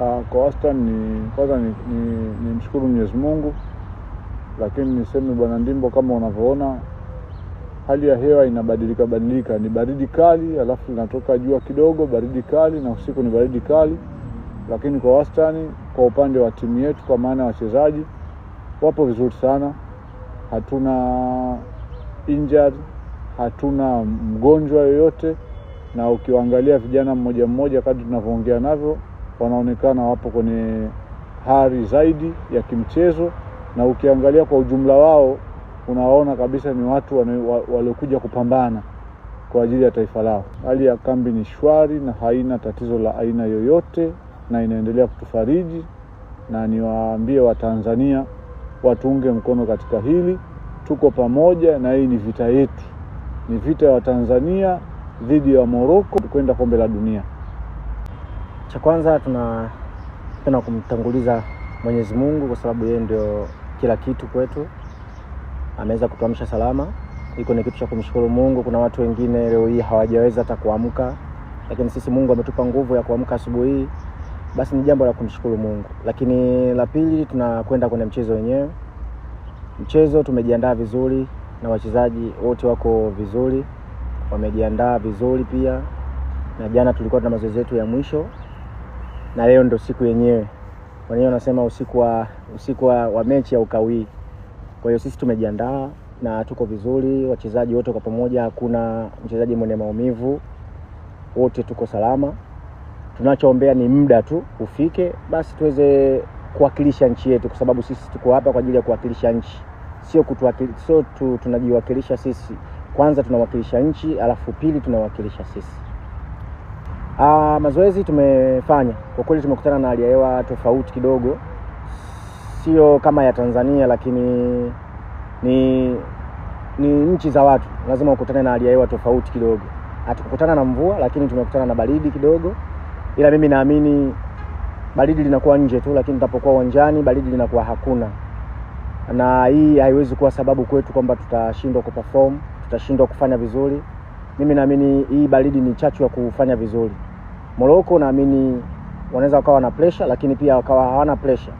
Ah, kwa wastani ni kwanza ni, ni, ni mshukuru Mwenyezi Mungu, lakini niseme bwana Ndimbo, kama unavyoona hali ya hewa inabadilika badilika, ni baridi kali alafu linatoka jua kidogo, baridi kali na usiku ni baridi kali, lakini kwa wastani, kwa upande wa timu yetu, kwa maana ya wachezaji wapo vizuri sana, hatuna injury, hatuna mgonjwa yoyote, na ukiwaangalia vijana mmoja mmoja kadri tunavyoongea navyo wanaonekana wapo kwenye hari zaidi ya kimchezo, na ukiangalia kwa ujumla wao unawaona kabisa ni watu waliokuja kupambana kwa ajili ya taifa lao. Hali ya kambi ni shwari na haina tatizo la aina yoyote, na inaendelea kutufariji, na niwaambie Watanzania watuunge mkono katika hili. Tuko pamoja, na hii ni vita yetu, ni vita ya Watanzania dhidi ya Moroko kwenda kombe la dunia. Cha kwanza tuna tuna kumtanguliza Mwenyezi Mungu kwa sababu yeye ndio kila kitu kwetu, ameweza kutuamsha salama. Iko ni kitu cha kumshukuru Mungu. Kuna watu wengine leo hii hawajaweza hata kuamka, lakini sisi Mungu ametupa nguvu ya kuamka asubuhi, basi ni jambo la kumshukuru Mungu. Lakini la pili, tunakwenda kwenye mchezo wenyewe. Mchezo tumejiandaa vizuri na wachezaji wote wako vizuri, wamejiandaa vizuri pia, na jana tulikuwa tuna mazoezi yetu ya mwisho na leo ndo siku yenyewe. Wenyewe wanasema usiku wa usiku wa, wa mechi ya ukawii. Kwa hiyo sisi tumejiandaa na tuko vizuri, wachezaji wote kwa pamoja, hakuna mchezaji mwenye maumivu, wote tuko salama. Tunachoombea ni muda tu ufike, basi tuweze kuwakilisha nchi yetu, kwa sababu sisi tuko hapa kwa ajili ya kuwakilisha nchi, sio sio tu tunajiwakilisha sisi. Kwanza tunawakilisha nchi, alafu pili tunawakilisha sisi. Ah, mazoezi tumefanya kwa kweli, tumekutana na hali ya hewa tofauti kidogo, sio kama ya Tanzania, lakini ni ni nchi za watu, lazima ukutane na hali ya hewa tofauti kidogo. Hatukukutana na mvua, lakini tumekutana na baridi kidogo, ila mimi naamini baridi linakuwa nje tu, lakini tutapokuwa uwanjani baridi linakuwa hakuna, na hii haiwezi kuwa sababu kwetu kwamba tutashindwa kuperform, tutashindwa kufanya vizuri. Mimi naamini hii baridi ni chachu ya kufanya vizuri moroko naamini wanaweza wakawa na pressure, lakini pia wakawa hawana pressure.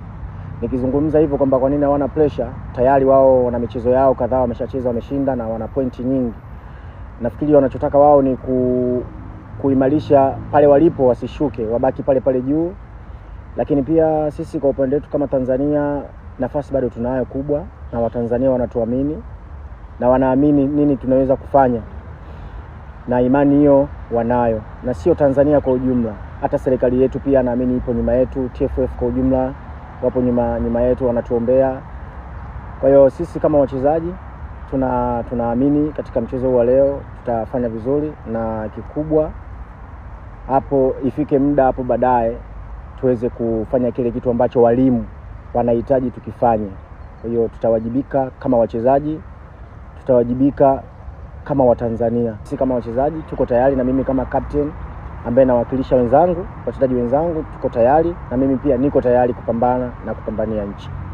Nikizungumza hivyo kwamba kwa nini hawana pressure, tayari wao wana michezo yao kadhaa wameshacheza, wameshinda na wana pointi nyingi. Nafikiri wanachotaka wao ni ku, kuimarisha pale walipo, wasishuke, wabaki pale pale juu. Lakini pia sisi kwa upande wetu kama Tanzania nafasi bado tunayo kubwa, na Watanzania wanatuamini na wanaamini nini tunaweza kufanya na imani hiyo wanayo, na sio Tanzania kwa ujumla, hata serikali yetu pia naamini ipo nyuma yetu, TFF kwa ujumla wapo nyuma, nyuma yetu wanatuombea. Kwa hiyo sisi kama wachezaji tuna tunaamini katika mchezo huu wa leo tutafanya vizuri, na kikubwa hapo ifike muda hapo baadaye tuweze kufanya kile kitu ambacho walimu wanahitaji tukifanye. Kwa hiyo tutawajibika kama wachezaji, tutawajibika kama Watanzania. Sisi kama wachezaji tuko tayari, na mimi kama captain ambaye nawakilisha wenzangu, wachezaji wenzangu, tuko tayari na mimi pia niko tayari kupambana na kupambania nchi.